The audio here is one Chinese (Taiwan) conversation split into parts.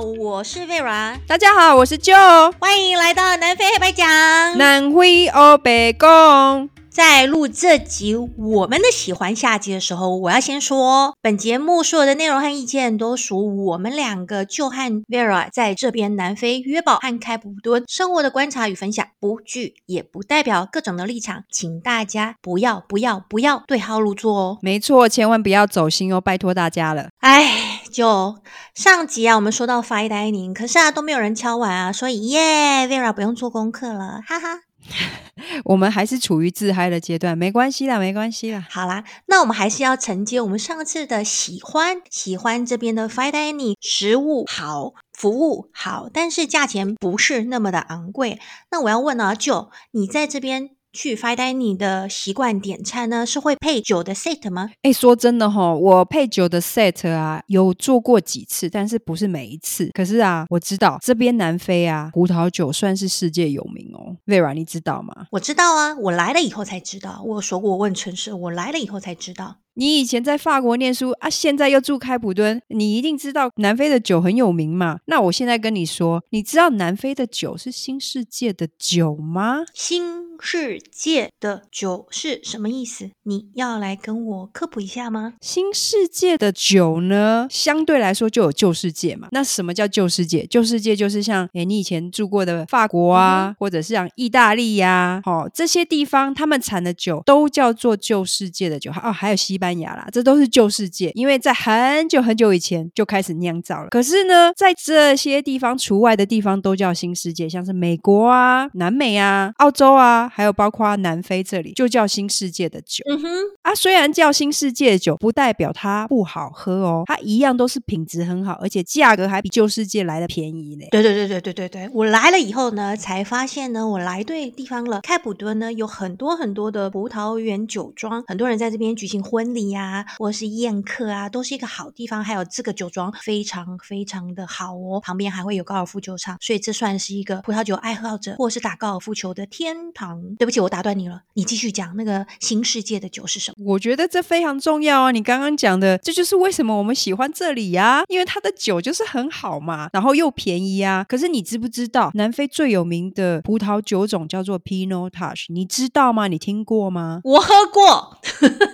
我是 Vera，大家好，我是 Gio，歡迎來到南非黑白講，南非歐白工。在錄這集我們的喜歡下集的時候，我要先說哦，本節目所有的內容和意見都屬我們兩個 Gio 和 Vera 在這邊南非約堡和開普敦生活的觀察與分享，不具也不代表各種的立場，請大家不要不要不要對號入座哦。沒錯，千萬不要走心哦，拜托大家了。哎，就上集啊，我們說到 fine dining 可是啊都沒有人敲碗啊，所以耶，Vera 不用做功課了，哈哈。 我們還是處於自嗨的階段，沒關係啦，沒關係啦。好啦，那我們還是要承接我們上次的喜歡，喜歡這邊的 Fine l i n i 食物好，服務好，但是價錢不是那麼的昂貴。那我要問呢、啊，舅，你在這邊，去發呆，你的習慣點餐呢是會配酒的 set 嗎？哎，說真的哈，我配酒的 set 啊，有做過幾次，但是不是每一次。可是啊，我知道這邊南非啊，葡萄酒算是世界有名哦。Vera，你知道嗎？我知道啊，我來了以後才知道。我有說過我問陳設，我來了以後才知道。你以前在法國念書啊，現在又住開普敦，你一定知道南非的酒很有名嘛。那我現在跟你說，你知道南非的酒是新世界的酒嗎？新世界的酒是什麼意思？你要來跟我科普一下嗎？新世界的酒呢，相對來說就有舊世界嘛。那什麼叫舊世界？舊世界就是像哎、欸，你以前住過的法國啊，嗯、或者是像意大利呀、啊，哦，這些地方他們產的酒都叫做舊世界的酒。哦，還有西班西班牙啦，這都是舊世界，因為在很久很久以前就開始釀造了。可是呢，在這些地方除外的地方都叫新世界，像是美國啊、南美啊、澳洲啊，還有包括南非這裡，就叫新世界的酒。嗯哼啊，雖然叫新世界酒，不代表它不好喝哦，它一樣都是品質很好，而且價格還比舊世界來的便宜呢。對對對對對對對，我來了以後呢，才發現呢，我來對地方了。開普敦呢，有很多很多的葡萄園酒莊，很多人在這邊舉行婚禮。禮呀，或是宴客啊，都是一個好地方。還有這個酒莊非常非常的好哦，旁邊還會有高爾夫球場，所以這算是一個葡萄酒愛好者或是打高爾夫球的天堂。對不起，我打斷你了，你繼續講那個新世界的酒是什麼？我覺得這非常重要啊！你剛剛講的，這就是為什麼我們喜歡這裡呀，因為它的酒就是很好嘛，然後又便宜啊。可是你知不知道，南非最有名的葡萄酒種叫做 Pinotage？你知道嗎？你聽過嗎？我喝過。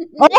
哦吼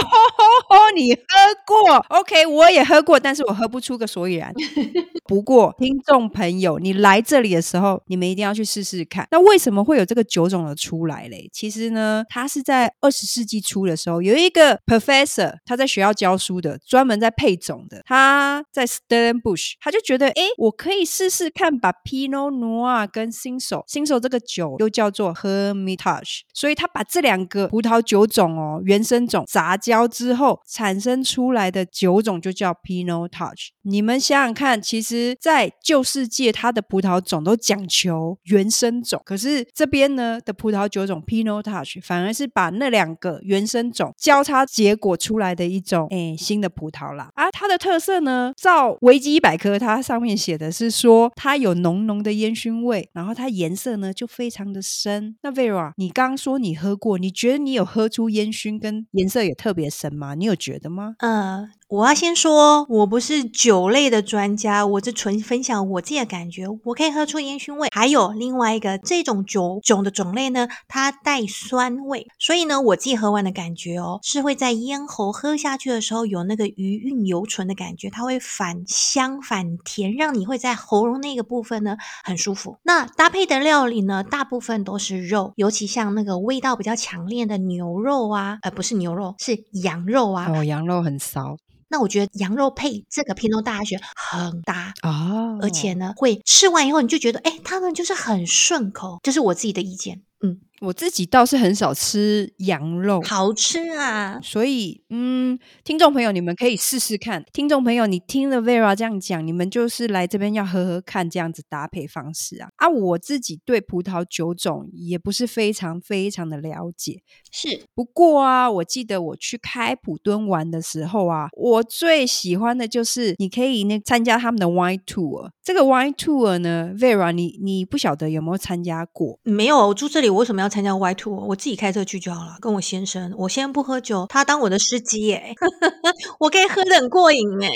吼吼，你喝過？OK，我也喝過，但是我喝不出個所以然。 不過，聽眾朋友，你來這裡的時候，你們一定要去試試看。那為什麼會有這個酒種的出來嘞？其實呢，它是在二十世紀初的時候，有一個 Professor 他在學校教書的，專門在配種的。他在 Stellenbosch，他就覺得，哎，我可以試試看把 Pinot Noir 跟 Cinsault，Cinsault 這個酒又叫做 Hermitage，所以他把這兩個葡萄酒種哦，原生種雜。雜交之後產生出來的酒種就叫 Pinotage 你們想想看，其實，在舊世界，它的葡萄種都講求原生種，可是這邊呢的葡萄酒種 Pinotage 反而是把那兩個原生種交叉結果出來的一種誒、哎、新的葡萄啦。啊，它的特色呢，照維基百科，它上面寫的是說，它有濃濃的煙熏味，然後它顏色呢就非常的深。那 Vera，你剛剛說你喝過，你覺得你有喝出煙熏跟顏色有？特別深嗎？你有覺得嗎？嗯。Uh. 我要先說，我不是酒類的專家，我是純分享我自己的感覺。我可以喝出煙熏味，還有另外一個，這種酒，酒的種類呢，它帶酸味，所以呢，我自己喝完的感覺哦，是會在咽喉喝下去的時候有那個餘韻猶存的感覺，它會反香反甜，讓你會在喉嚨那個部分呢很舒服。那搭配的料理呢，大部分都是肉，尤其像那個味道比較強烈的牛肉啊，呃，不是牛肉，是羊肉啊。哦，羊肉很騷。那我覺得羊肉配這個 Pinotage 很搭啊，oh. 而且呢，會吃完以後你就覺得，誒，他們就是很順口，這、就是我自己的意見，嗯。我自己倒是很少吃羊肉，好吃啊！所以，嗯，聽眾朋友，你們可以試試看。聽眾朋友，你聽了 Vera 這樣講，你們就是來這邊要喝喝看這樣子搭配方式啊！啊，我自己對葡萄酒種也不是非常非常的了解，是。不過啊，我記得我去開普敦玩的時候啊，我最喜歡的就是你可以那參加他們的 wine tour。這個 wine tour 呢，Vera，你你不曉得有沒有參加過？沒有，我住這裡我為什麼要？參加 Y Two，我自己開車去就好了，跟我先生。我先不喝酒，他當我的司機耶， 我可以喝得很過癮哎。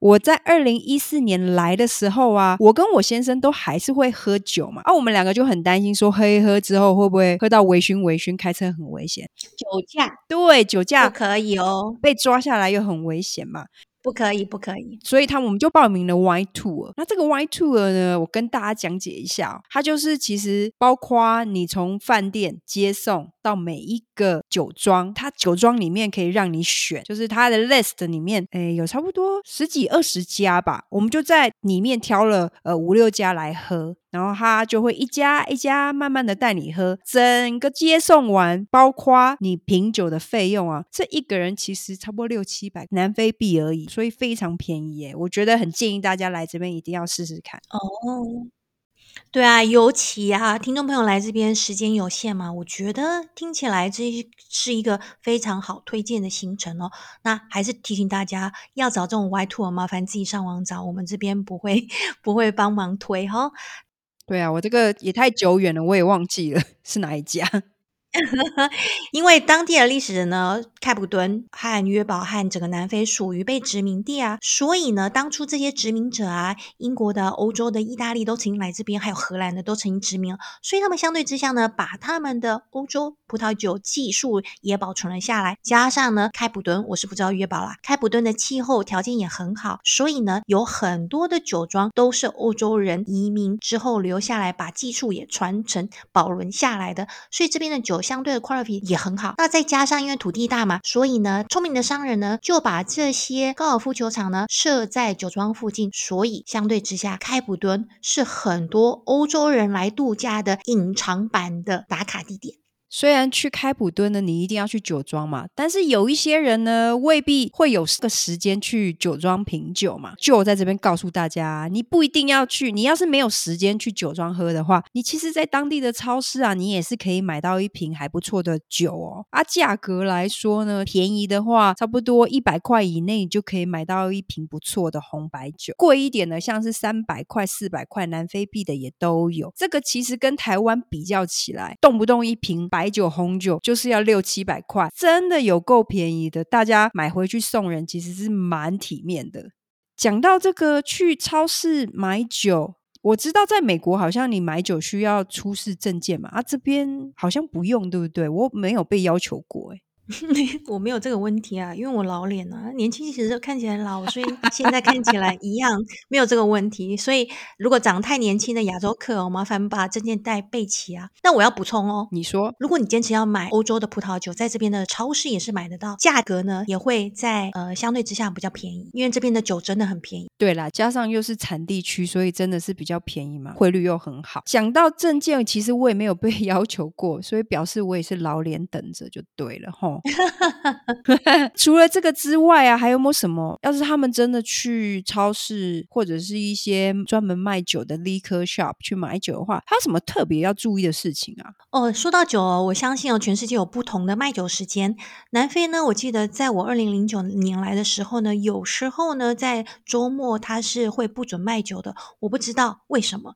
我在二零一四年來的時候啊，我跟我先生都還是會喝酒嘛，啊，我們兩個就很擔心說，喝一喝之後會不會喝到微醺，微醺開車很危險，酒駕。對，酒駕可以哦，被抓下來又很危險嘛。不可以，不可以。所以，他我們就報名了 wine tour。那這個 wine tour 呢，我跟大家講解一下哦，它就是其實包括你從飯店接送。到每一個酒莊，它酒莊裡面可以讓你選，就是它的 list 裡面，誒有差不多十幾二十家吧。我們就在裡面挑了呃五六家來喝，然後他就會一家一家慢慢的帶你喝，整個接送完，包括你品酒的費用啊，這一個人其實差不多六七百南非幣而已，所以非常便宜耶。我覺得很建議大家來這邊一定要試試看。哦。Oh. 對啊，尤其啊，聽眾朋友來這邊時間有限嘛，我覺得聽起來這是一個非常好推薦的行程哦。那還是提醒大家，要找這種 wine tour 麻煩自己上網找，我們這邊不會不會幫忙推哈。對啊，我這個也太久遠了，我也忘記了是哪一家。 因為當地的歷史人呢，開普敦和約堡和整個南非屬於被殖民地啊，所以呢，當初這些殖民者啊，英國的、歐洲的、意大利都曾經來這邊，還有荷蘭的都曾經殖民了，所以他們相對之下呢，把他們的歐洲葡萄酒技術也保存了下來。加上呢，開普敦我是不知道約堡啦，開普敦的氣候條件也很好，所以呢，有很多的酒莊都是歐洲人移民之後留下來，把技術也傳承保存下來的。所以這邊的酒，相對的 quality 也很好，那再加上因為土地大嘛，所以呢，聰明的商人呢，就把這些高爾夫球場呢，設在酒莊附近，所以相對之下，開普敦是很多歐洲人來度假的隱藏版的打卡地點。雖然去開普敦呢，你一定要去酒莊嘛，但是有一些人呢，未必會有這個時間去酒莊品酒嘛。就我在這邊告訴大家，你不一定要去，你要是沒有時間去酒莊喝的話，你其實在當地的超市啊，你也是可以買到一瓶還不錯的酒哦。啊，價格來說呢，便宜的話差不多一百塊以內，你就可以買到一瓶不錯的紅白酒；貴一點的，像是三百塊、四百塊南非幣的也都有。這個其實跟台灣比較起來，動不動一瓶百。白酒、紅酒就是要六七百塊，真的有夠便宜的。大家買回去送人，其實是蠻體面的。講到這個去超市買酒，我知道在美國好像你買酒需要出示證件嘛，啊，這邊好像不用，對不對？我沒有被要求過，欸， 我沒有這個問題啊，因為我老臉啊，年輕其實看起來老，所以現在看起來一樣， 沒有這個問題。所以如果長太年輕的亞洲客哦，我麻煩把證件帶備齊啊。那我要補充哦，你說，如果你堅持要買歐洲的葡萄酒，在這邊的超市也是買得到，價格呢也會在呃相對之下比較便宜，因為這邊的酒真的很便宜。對啦，加上又是產地區，所以真的是比較便宜嘛，匯率又很好。講到證件，其實我也沒有被要求過，所以表示我也是老臉等着就對了吼。 除了這個之外啊，還有沒有什麼？要是他們真的去超市或者是一些專門賣酒的 liquor shop 去買酒的話，他有什麼特別要注意的事情啊？哦，說到酒哦，我相信哦，全世界有不同的賣酒時間。南非呢，我記得在我二零零九年來的時候呢，有時候呢在周末他是會不准賣酒的，我不知道為什麼。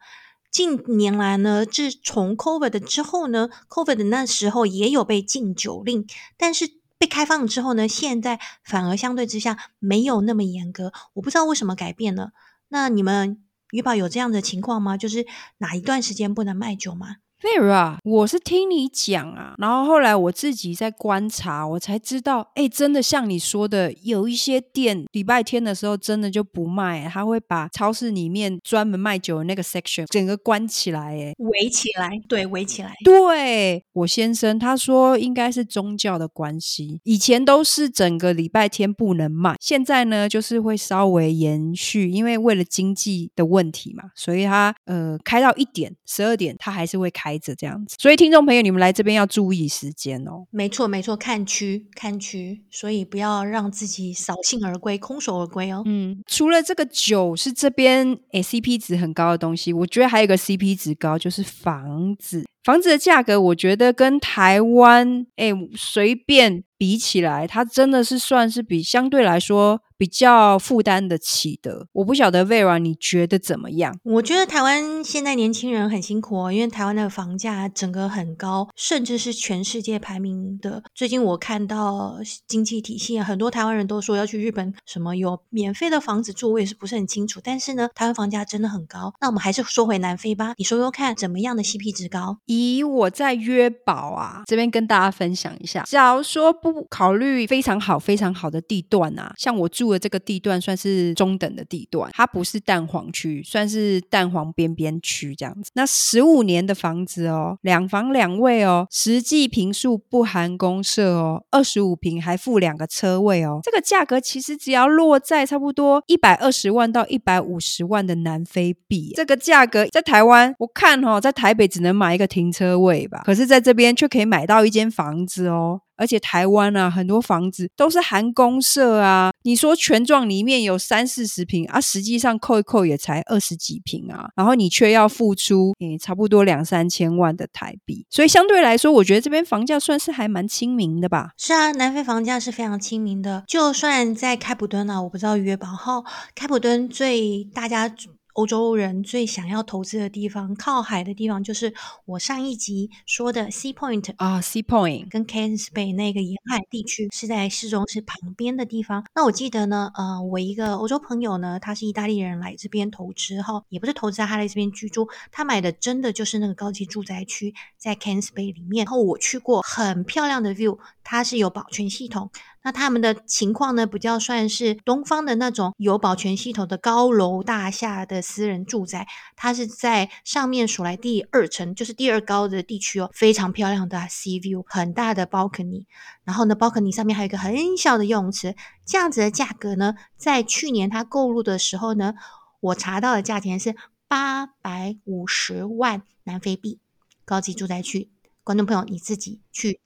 近年來呢，自從 COVID 的之後呢，COVID 的那時候也有被禁酒令，但是被開放之後呢，現在反而相對之下沒有那麼嚴格，我不知道為什麼改變了。那你們約堡有這樣的情況嗎？就是哪一段時間不能賣酒嗎？Vera 我是聽你講啊，然後後來我自己在觀察，我才知道，哎，真的像你說的，有一些店禮拜天的時候真的就不賣，他會把超市裡面專門賣酒的那個 section 整個關起來誒，圍起來，對，圍起來，對，我先生他說應該是宗教的關係，以前都是整個禮拜天不能賣，現在呢就是會稍微延續，因為為了經濟的問題嘛，所以他呃開到一點十二點他還是會開。這樣子，所以聽眾朋友，你們來這邊要注意時間哦。沒錯，沒錯，看區看區，所以不要讓自己掃興而歸、空手而歸哦。嗯，除了這個酒是這邊哎、欸、CP 值很高的東西，我覺得還有一個 CP 值高，就是房子，房子的價格我覺得跟台灣哎隨便比起來，它真的是算是比相對來說。比較負擔得起的，我不曉得 Vera 你覺得怎麼樣？我覺得台灣現在年輕人很辛苦哦，因為台灣的房價整個很高，甚至是全世界排名的。最近我看到經濟體系，很多台灣人都說要去日本，什麼有免費的房子住，我也是不是很清楚。但是呢，台灣房價真的很高。那我們還是說回南非吧，你說說看怎麼樣的 CP 值高？以我在約堡啊這邊跟大家分享一下，假如說不考慮非常好非常好的地段啊，像我住。住的這個地段算是中等的地段，它不是蛋黃區，算是蛋黃邊邊區這樣子。那十五年的房子哦，兩房兩衛哦，實際坪數不含公設哦，二十五坪還附兩個車位哦。這個價格其實只要落在差不多一百二十萬到一百五十萬的南非幣，這個價格在台灣我看哈、哦，在台北只能買一個停車位吧，可是在這邊卻可以買到一間房子哦。而且台灣啊，很多房子都是含公設啊。你說權狀裡面有三四十平啊，實際上扣一扣也才二十幾平啊，然後你卻要付出，嗯、欸，差不多兩三千萬的台幣。所以相對來說，我覺得這邊房價算是還蠻親民的吧。是啊，南非房價是非常親民的，就算在開普敦啊，我不知道約堡。號開普敦最大家。歐洲人最想要投資的地方，靠海的地方，就是我上一集說的 Sea Point, uh, Sea Point 啊，Sea Point 跟 Camps Bay 那個沿海地區是在市中心旁邊的地方。那我記得呢，呃，我一個歐洲朋友呢，他是意大利人來這邊投資哈，也不是投資，他來這邊居住，他買的真的就是那個高級住宅區，在 Camps Bay 裡面。然後我去過，很漂亮的 view，它是有保全系統。那他們的情況呢，比較算是東方的那種有保全系統的高樓大廈的私人住宅，它是在上面數來第二層，就是第二高的地區哦，非常漂亮的 Sea View，很大的 balcony，然後呢，balcony 上面還有一個很小的游泳池，這樣子的價格呢，在去年他購入的時候呢，我查到的價錢是八百五十萬南非幣，高級住宅區，觀眾朋友你自己去，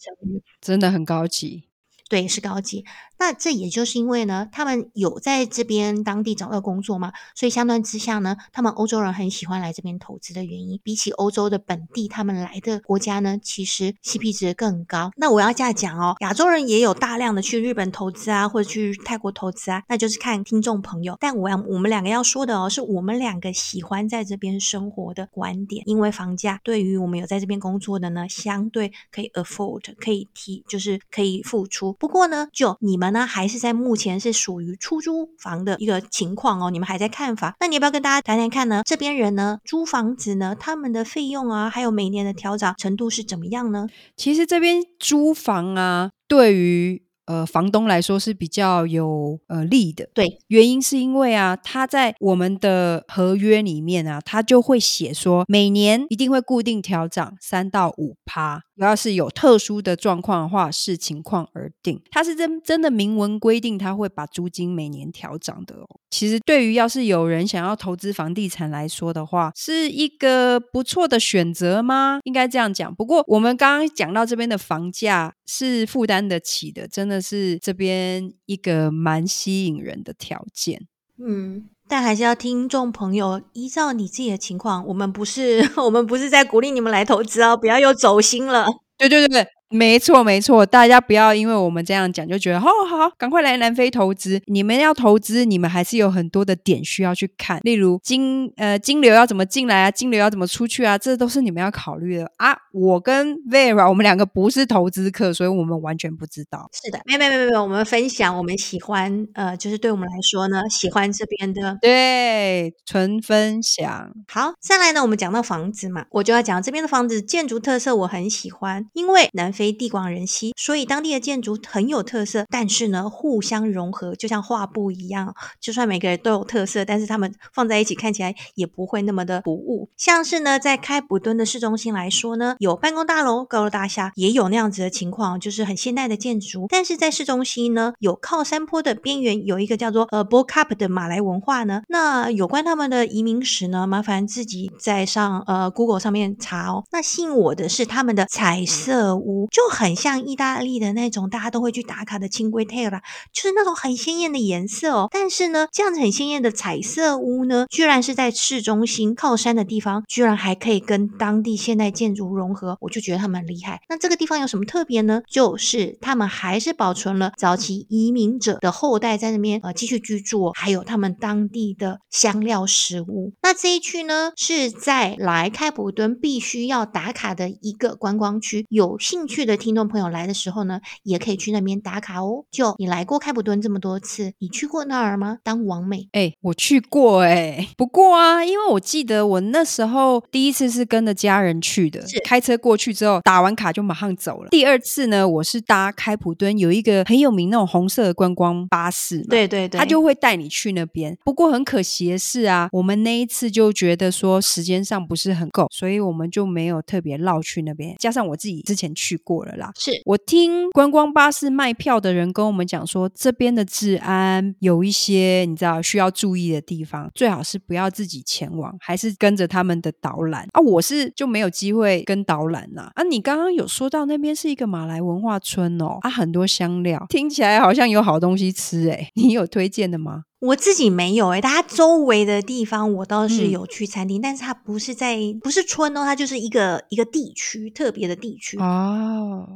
真的很高級。對，是高級。那這也就是因為呢，他們有在這邊當地找到工作嘛，所以相對之下呢，他們歐洲人很喜歡來這邊投資的原因，比起歐洲的本地，他們來的國家呢，其實 CP 值更高。那我要這樣講哦，亞洲人也有大量的去日本投資啊，或者去泰國投資啊，那就是看聽眾朋友。但我要我們兩個要說的哦，是我們兩個喜歡在這邊生活的觀點，因為房價對於我們有在這邊工作的呢，相對可以 afford，可以提，就是可以付出。不過呢，就你們呢，還是在目前是屬於出租房的一個情況哦，你們還在看房。那你要不要跟大家談談看呢？這邊人呢，租房子呢，他們的費用啊，還有每年的調漲程度是怎麼樣呢？其實這邊租房啊，對於。呃，房東來說是比較有呃利的，對，原因是因為啊，他在我們的合約裡面啊，他就會寫說，每年一定會固定調漲三到五趴，只要是有特殊的狀況的話，視情況而定，他是真真的明文規定，他會把租金每年調漲的哦。其實，對於要是有人想要投資房地產來說的話，是一個不錯的選擇嗎？應該這樣講。不過，我們剛剛講到這邊的房價是負擔得起的，真的是這邊一個蠻吸引人的條件。嗯，但還是要聽眾朋友依照你自己的情況，我們不是，我們不是在鼓勵你們來投資哦，不要又走心了。對對對對。沒錯，沒錯，大家不要因為我們這樣講就覺得好，好，好，趕快來南非投資。你們要投資，你們還是有很多的點需要去看，例如金呃金流，要怎麼進來啊，金流要怎麼出去啊，這都是你們要考慮的啊。我跟 Vera 我們兩個不是投資客，所以我們完全不知道。是的，沒有沒有沒有沒有，我們分享，我們喜歡呃，就是對我們來說呢，喜歡這邊的。對，純分享。好，再來呢，我們講到房子嘛，我就要講這邊的房子，建築特色我很喜歡，因為南非，非地廣人稀，所以當地的建築很有特色。但是呢，互相融合，就像畫布一樣，就算每個人都有特色，但是他們放在一起看起來也不會那麼的突兀。像是呢，在開普敦的市中心來說呢，有辦公大樓、高樓大廈，也有那樣子的情況，就是很現代的建築。但是在市中心呢，有靠山坡的邊緣，有一個叫做呃 Bo-Kaap 的馬來文化呢。那有關他們的移民史呢，麻煩自己再上呃 Google 上面查哦。那吸引我的是他們的彩色屋。就很像意大利的那種，大家都會去打卡的 Cinque Terre 啦，就是那種很鮮豔的顏色哦。但是呢，這樣子很鮮豔的彩色屋呢，居然是在市中心靠山的地方，居然還可以跟當地現代建築融合，我就覺得他們很厲害。那這個地方有什麼特別呢？就是他們還是保存了早期移民者的後代在那邊呃繼續居住、哦，還有他們當地的香料食物。那這一區呢，是在來開普敦必須要打卡的一個觀光區，有興趣。去的聽眾朋友來的時候呢，也可以去那邊打卡哦。就你來過開普敦這麼多次，你去過那兒嗎？當王美，哎、欸，我去過哎、欸。不過啊，因為我記得我那時候第一次是跟着家人去的，是開車過去之後打完卡就馬上走了。第二次呢，我是搭開普敦有一個很有名那種紅色的觀光巴士，對對對，他就會帶你去那邊。不過很可惜的是啊，我們那一次就覺得說時間上不是很夠，所以我們就沒有特別繞去那邊。加上我自己之前去過。過了啦，是我聽觀光巴士賣票的人跟我們講說，這邊的治安有一些你知道需要注意的地方，最好是不要自己前往，還是跟着他們的導覽。啊，我是就沒有機會跟導覽啦。啊，你剛剛有說到那邊是一個馬來文化村哦，啊，很多香料，聽起來好像有好東西吃，誒，你有推薦的嗎？我自己沒有哎、欸，但它周圍的地方我倒是有去餐廳，嗯、但是它不是在，不是村哦，它就是一個一個地區，特別的地區哦。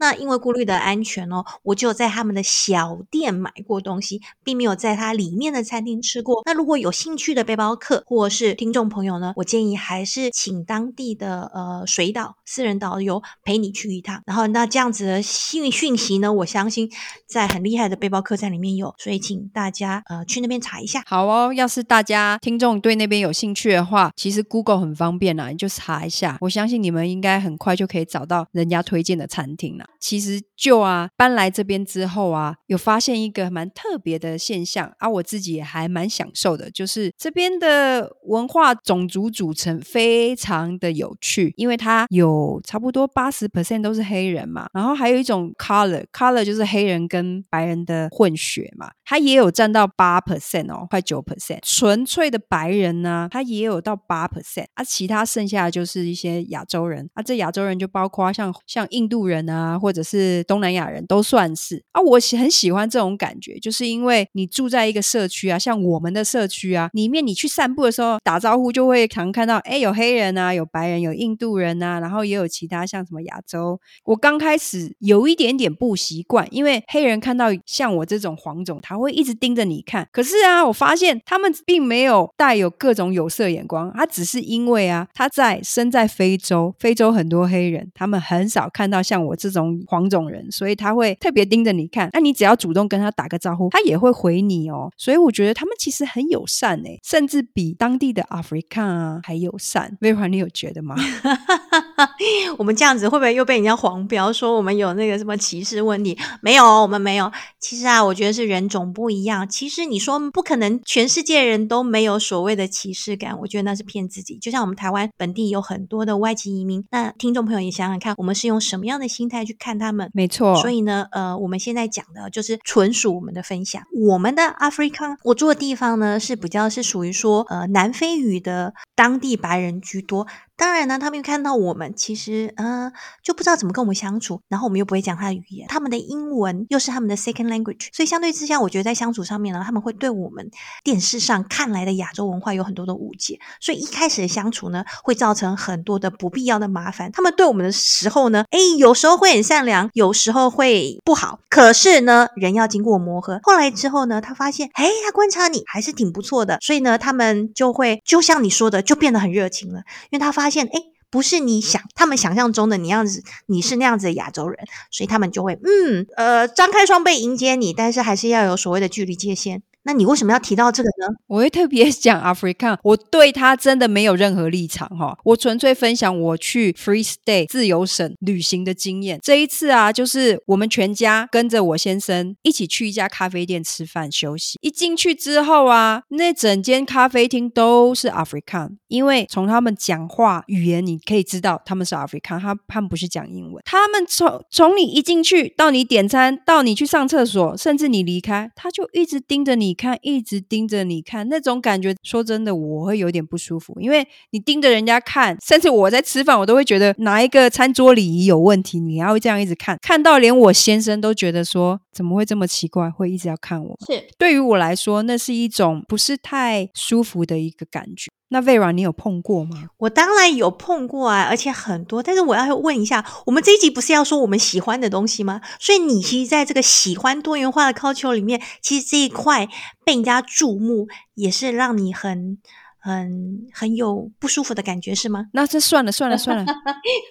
那因為顧慮的安全哦，我就在他們的小店買過東西，並沒有在它裡面的餐廳吃過。那如果有興趣的背包客或是聽眾朋友呢，我建議還是請當地的呃水導私人導遊陪你去一趟。然後那這樣子的行程訊息呢，我相信在很厲害的背包客棧裡面有，所以請大家呃去那邊查一下。好哦，要是大家聽眾對那邊有興趣的話，其實 Google 很方便啦，啊，你就查一下，我相信你們應該很快就可以找到人家推薦的餐廳了。其實就啊，搬來這邊之後啊，有發現一個蠻特別的現象啊，我自己也還蠻享受的，就是這邊的文化種族組成非常的有趣，因為它有差不多八十 percent 都是黑人嘛，然後還有一種 color color 就是黑人跟白人的混血嘛，它也有占到八 percent 哦，快九 percent，純粹的白人呢，它也有到八 percent，啊，其他剩下的就是一些亞洲人啊，這亞洲人就包括像像印度人啊。或者是東南亞人都算是啊。我喜很喜歡這種感覺，就是因為你住在一個社區啊，像我們的社區啊，裡面你去散步的時候打招呼就會常看到，哎，有黑人啊，有白人，有印度人啊，然後也有其他像什麼亞洲。我剛開始有一點點不習慣，因為黑人看到像我這種黃種，他會一直盯着你看。可是啊，我發現他們並沒有帶有各種有色眼光，他只是因為啊，他在，身在非洲，非洲很多黑人，他們很少看到像我這種。黃種人，所以他會特別盯着你看。那你只要主動跟他打個招呼，他也會回你哦。所以我覺得他們其實很友善誒，甚至比當地的 African 啊還友善。Vera，你有覺得嗎？ 我們這樣子會不會又被人家黃標說我們有那個什麼歧視問題？沒有，我們沒有。其實啊，我覺得是人種不一樣。其實你說不可能，全世界人都沒有所謂的歧視感，我覺得那是騙自己。就像我們台灣本地有很多的外籍移民，那聽眾朋友也想想看，我們是用什麼樣的心態去看他們？沒錯。所以呢，呃，我們現在講的就是純屬我們的分享。我們的 Africa，我住的地方呢是比較是屬於說呃南非語的當地白人居多。當然呢，他們又看到我們，其實嗯、呃、就不知道怎麼跟我們相處，然後我們又不會講他的語言，他們的英文又是他們的 second language，所以相對之下，我覺得在相處上面呢，他們會對我們電視上看來的亞洲文化有很多的誤解，所以一開始的相處呢會造成很多的不必要的麻煩。他們對我們的時候呢，哎，有時候會很善良，有時候會不好。可是呢，人要經過磨合，後來之後呢，他發現，哎，他觀察你還是挺不錯的，所以呢，他們就會就像你說的，就變得很熱情了，因為他發現現，哎，不是你想他們想象中的你樣子，你是那樣子的亞洲人，所以他們就會，嗯，呃，張開雙臂迎接你，但是還是要有所謂的距離界限。那你為什麼要提到這個呢？我會特別講 African，我對他真的沒有任何立場哈，我純粹分享我去 Free State 自由省旅行的經驗。這一次啊，就是我們全家跟着我先生一起去一家咖啡店吃飯休息。一進去之後啊，那整間咖啡廳都是 African，因為從他們講話語言你可以知道他們是 African，他他們不是講英文。他們從從你一進去到你點餐，到你去上廁所，甚至你離開，他就一直盯着你。你看，一直盯着你看，那種感覺，說真的，我會有點不舒服。因為你盯着人家看，甚至我在吃飯，我都會覺得哪一個餐桌禮儀有問題。你要這樣一直看，看到連我先生都覺得說，怎麼會這麼奇怪，會一直要看我？是，對於我來說，那是一種不是太舒服的一個感覺。那 Vera 你有碰過嗎？我當然有碰過啊，而且很多。但是我要問一下，我們這一集不是要說我們喜歡的東西嗎？所以你其實在這個喜歡多元化的 culture 裡面，其實這一塊被人家注目，也是讓你很。很很有不舒服的感覺，是嗎？那這算了算了算了，算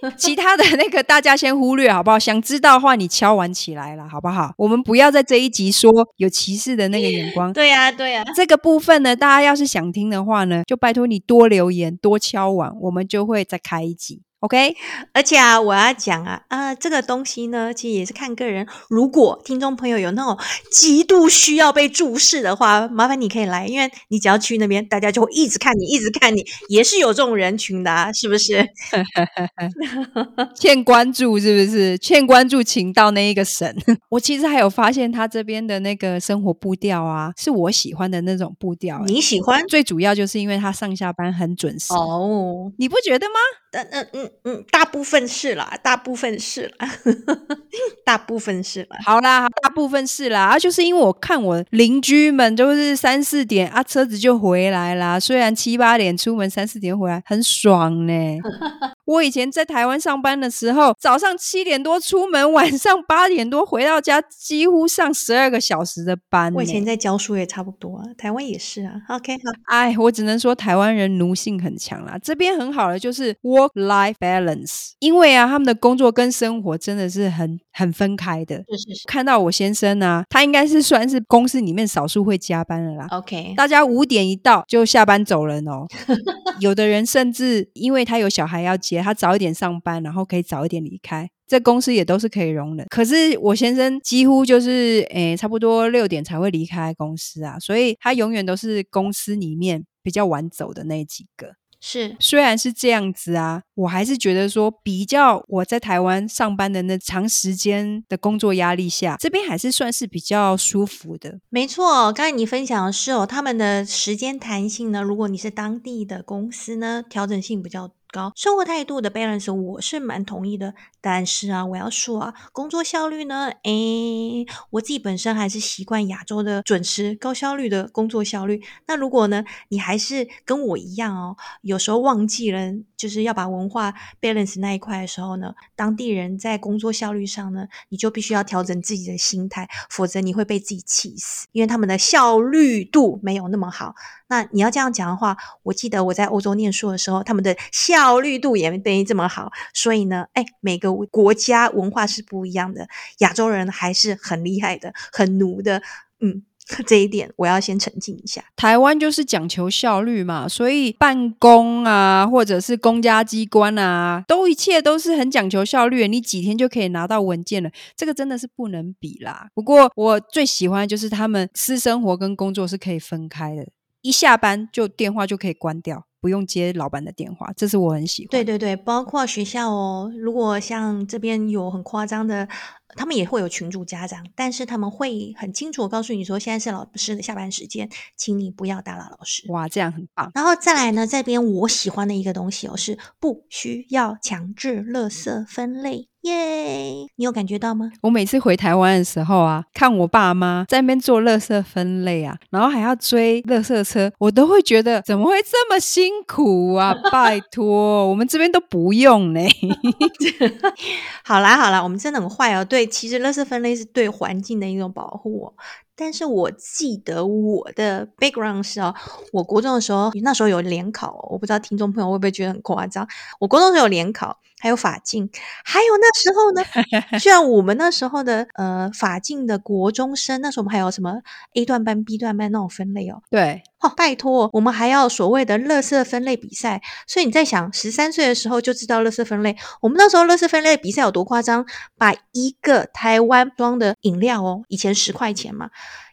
了 其他的那個大家先忽略好不好？想知道的話你敲碗起來了好不好？我們不要在這一集說有歧視的那個眼光。 對呀、啊、對呀、啊，這個部分呢，大家要是想聽的話呢，就拜托你多留言，多敲碗，我們就會再開一集。OK，而且啊，我要講啊，啊、呃，這個東西呢，其實也是看個人。如果聽眾朋友有那種極度需要被注視的話，麻煩你可以來，因為你只要去那邊，大家就會一直看你，一直看你，也是有這種人群的啊，是不是？ 欠關注是不是？欠關注，請到那一個神。 我其實還有發現，他這邊的那個生活步調啊，是我喜歡的那種步調。你喜歡？最主要就是因為他上下班很準時。哦，oh。你不覺得嗎？嗯嗯嗯嗯，大部分是啦，大部分是啦， 大部分是啦。好啦，大部分是啦，啊，就是因為我看我鄰居們都是三四點啊車子就回來啦。雖然七八點出門，三四點回來很爽呢，欸。 我以前在台灣上班的時候，早上七點多出門，晚上八點多回到家，幾乎上十二個小時的班，欸。我以前在教書也差不多，啊，台灣也是啊。OK，好，哎，我只能說台灣人奴性很強啦，這邊很好的就是我 work-life balance，因為啊，他們的工作跟生活真的是很很分開的。是是是。看到我先生啊，他應該是算是公司裡面少數會加班的啦。OK，大家五點一到就下班走人哦。 有的人甚至因為他有小孩要接，他早一點上班，然後可以早一點離開。這公司也都是可以容忍。可是我先生幾乎就是誒、哎，差不多六點才會離開公司啊，所以他永遠都是公司裡面比較晚走的那幾個。是，雖然是這樣子啊，我還是覺得說比較我在台灣上班的那長時間的工作壓力下，這邊還是算是比較舒服的。沒錯，剛才你分享的是哦，他們的時間彈性呢，如果你是當地的公司呢，調整性比較高。生活態度的 balance，我是蠻同意的。但是啊，我要說啊，工作效率呢？誒，我自己本身還是習慣亞洲的準時、高效率的工作效率。那如果呢，你還是跟我一樣哦，有時候忘記了，就是要把 work life balance 那一塊的時候呢，當地人在工作效率上呢，你就必須要調整自己的心態，否則你會被自己氣死，因為他們的效率度沒有那麼好。那你要這樣講的話，我記得我在歐洲念書的時候，他們的效率度也沒等於這麼好。所以呢，誒，每個。國家文化是不一樣的，亞洲人還是很厲害的，很奴的，嗯，這一點我要先澄清一下。台灣就是講求效率嘛，所以辦公啊，或者是公家機關啊，都一切都是很講求效率，你幾天就可以拿到文件了，這個真的是不能比啦。不過我最喜歡就是他們私生活跟工作是可以分開的。一下班就電話就可以關掉，不用接老闆的電話，這是我很喜歡。對對對，包括學校哦，如果像這邊有很誇張的，他們也會有群組家長，但是他們會很清楚告訴你說，現在是老師的下班時間，請你不要打擾老師。哇，這樣很棒。然後再來呢，這邊我喜歡的一個東西哦，是不需要強制垃圾分類。耶！你有感覺到嗎？我每次回台灣的時候啊，看我爸媽在那邊做垃圾分類啊，然後還要追垃圾車，我都會覺得怎麼會這麼辛苦啊！拜託， 我們這邊都不用呢。 好啦好啦，我們真的很壞哦、喔。對，其實垃圾分類是對環境的一種保護、喔。但是我記得我的 background 是哦、喔，我國中的時候那時候有聯考、喔，我不知道聽眾朋友會不會覺得很誇張。我國中的時候有聯考。還有髮禁，還有那時候呢，就像 我們那時候的呃髮禁的國中生，那時候我們還有什麼 A 段班、B 段班那種分類哦。對，哦，拜托，我們還要所謂的垃圾分類比賽，所以你在想十三歲的時候就知道垃圾分類，我們那時候垃圾分類比賽有多誇張？把一個台灣裝的飲料哦，以前十塊錢嘛。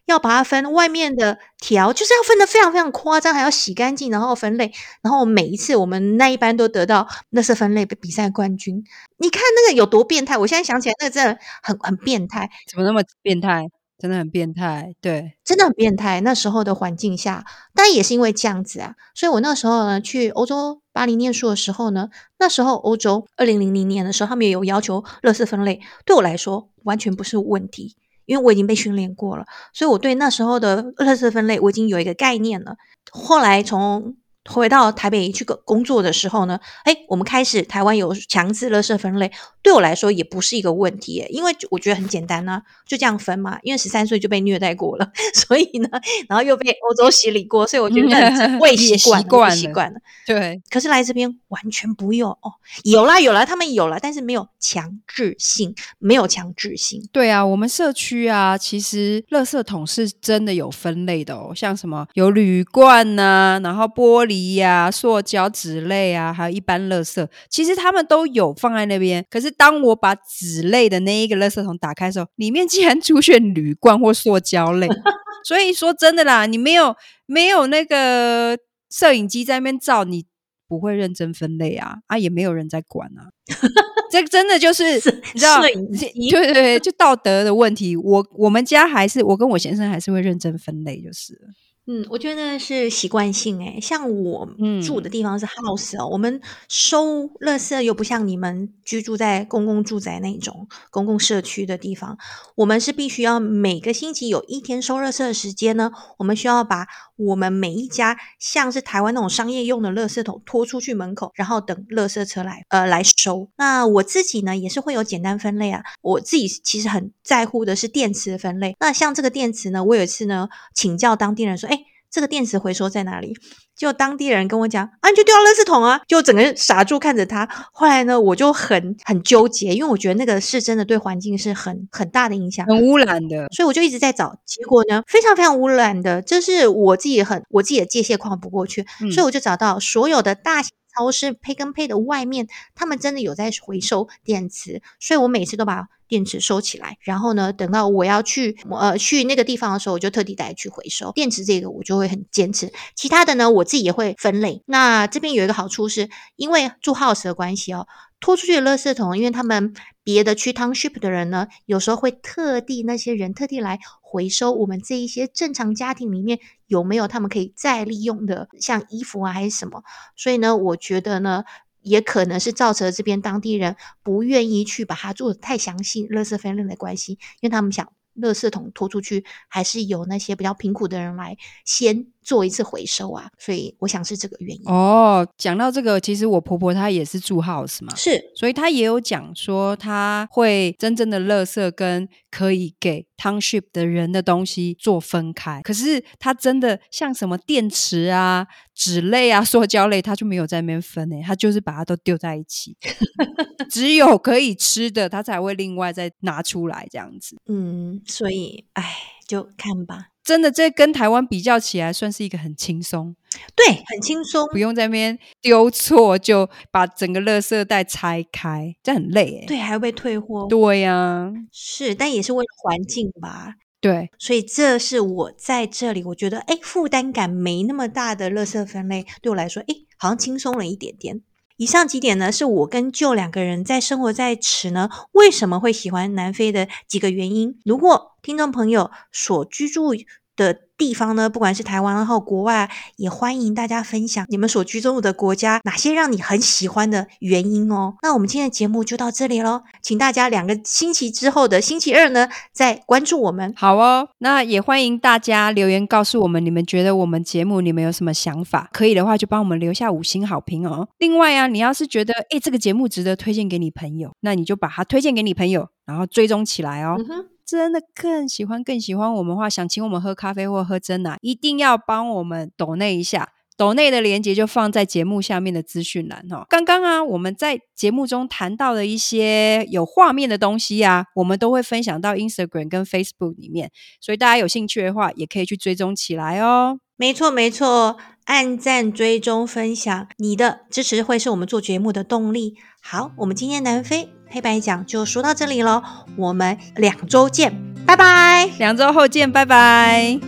要把它分外面的條，就是要分得非常非常誇張，還要洗乾淨，然後分類，然後每一次我們那一班都得到垃圾分類比賽冠軍。你看那個有多變態？我現在想起來那個真的很很變態，怎麼那麼變態？真的很變態，對，真的很變態。那時候的環境下，當然也是因為這樣子啊，所以我那時候呢去歐洲巴黎念書的時候呢，那時候歐洲二零零零年的時候，他們也有要求垃圾分類，對我來說完全不是問題。因為我已經被訓練過了，所以我對那時候的垃圾分類，我已經有一個概念了。後來從回到台北去工作的時候呢，哎、欸，我們開始台灣有強制垃圾分類，對我來說也不是一個問題，欸，因為我覺得很簡單啊，就這樣分嘛。因為十三歲就被虐待過了，所以呢，然後又被歐洲洗禮過，所以我覺得我已經習慣習慣了，慣了對。可是來這邊完全不用哦，有啦有啦，他們有了，但是沒有強制性，沒有強制性。對啊，我們社區啊，其實垃圾桶是真的有分類的哦，像什麼有鋁罐吶、啊雅，然後玻璃。啊，呀，塑膠、紙類啊，還有一般垃圾，其實他們都有放在那邊。可是當我把紙類的那一個垃圾桶打開的時候，裡面竟然出現鋁罐或塑膠類。 所以說真的啦，你沒有沒有那個攝影機在那邊照，你不會認真分類啊啊，也沒有人在管啊。 這真的就是，你知道，攝影機 對，對對，就道德的問題。我我們家還是我跟我先生還是會認真分類，就是。嗯，我覺得是習慣性誒、欸，像我住的地方是 house 哦，嗯、我們收垃圾又不像你們居住在公共住宅那種公共社區的地方，我們是必須要每個星期有一天收垃圾的時間呢，我們需要把我們每一家像是台灣那種商業用的垃圾桶拖出去門口，然後等垃圾車來呃來收。那我自己呢也是會有簡單分類啊，我自己其實很在乎的是電池的分類。那像這個電池呢，我有一次呢請教當地人說，哎。這個電池回收在哪裡？就當地人跟我講啊，你就丟到垃圾桶啊！就整個傻住看着他。後來呢，我就很很糾結，因為我覺得那個是真的對環境是很很大的影響，很污染的。所以我就一直在找，結果呢，非常非常污染的，這是我自己很我自己的界限跨不過去，嗯，所以我就找到所有的大型。超市配跟配的外面，他們真的有在回收電池，所以我每次都把電池收起來。然後呢，等到我要去呃去那個地方的時候，我就特地帶去回收電池。這個我就會很堅持。其他的呢，我自己也會分類。那這邊有一個好處是，因為住 house 的關係哦，拖出去的垃圾桶，因為他們。別的去 township 的人呢，有時候會特地那些人特地來回收我們這一些正常家庭裡面有沒有他們可以再利用的，像衣服啊還是什麼。所以呢，我覺得呢，也可能是造成了這邊當地人不願意去把它做得太詳細，垃圾分類的關係，因為他們想，垃圾桶拖出去，還是有那些比較貧苦的人來先做一次回收啊，所以我想是這個原因。哦，講到這個，其實我婆婆她也是住 house 嘛，是，所以她也有講說，她會真正的垃圾跟可以給 township 的人的東西做分開。可是她真的像什麼電池啊、紙類啊、塑膠類，她就沒有在那邊分誒、欸，她就是把它都丟在一起。 只有可以吃的，她才會另外再拿出來這樣子。嗯，所以，哎，就看吧。真的，這跟台灣比較起來，算是一個很輕鬆，對，很輕鬆，不用在那邊丟錯，就把整個垃圾袋拆開，這很累哎。對，還會被退貨。對呀、啊，是，但也是為了環境吧。對，所以這是我在這裡，我覺得哎，負擔感沒那麼大的垃圾分類，對我來說，哎，好像輕鬆了一點點。以上幾點呢，是我跟 Gio 兩個人在生活在此呢，為什麼會喜歡南非的幾個原因。如果聽眾朋友所居住的。地方呢，不管是台灣，然後國外，也歡迎大家分享你們所居住的國家哪些讓你很喜歡的原因哦。那我們今天的節目就到這裡嘍，請大家兩個星期之後的星期二呢再關注我們。好哦，那也歡迎大家留言告訴我們你們覺得我們節目你們有什麼想法，可以的話就幫我們留下五星好評哦。另外啊，你要是覺得誒、欸，這個節目值得推薦給你朋友，那你就把它推薦給你朋友，然後追蹤起來哦。嗯真的更喜歡更喜歡我們的話，想請我們喝咖啡或喝珍奶，一定要幫我們抖內一下，抖內的鏈接就放在節目下面的資訊欄哦，剛剛啊，我們在節目中談到的一些有畫面的東西呀、啊，我們都會分享到 Instagram 跟 Facebook 裡面，所以大家有興趣的話，也可以去追蹤起來哦。沒錯沒錯，按讚追蹤分享，你的支持會是我們做節目的動力。好，我們今天南非。黑白講就說到這裡咯，我們兩周見，拜拜。兩周後見，拜拜。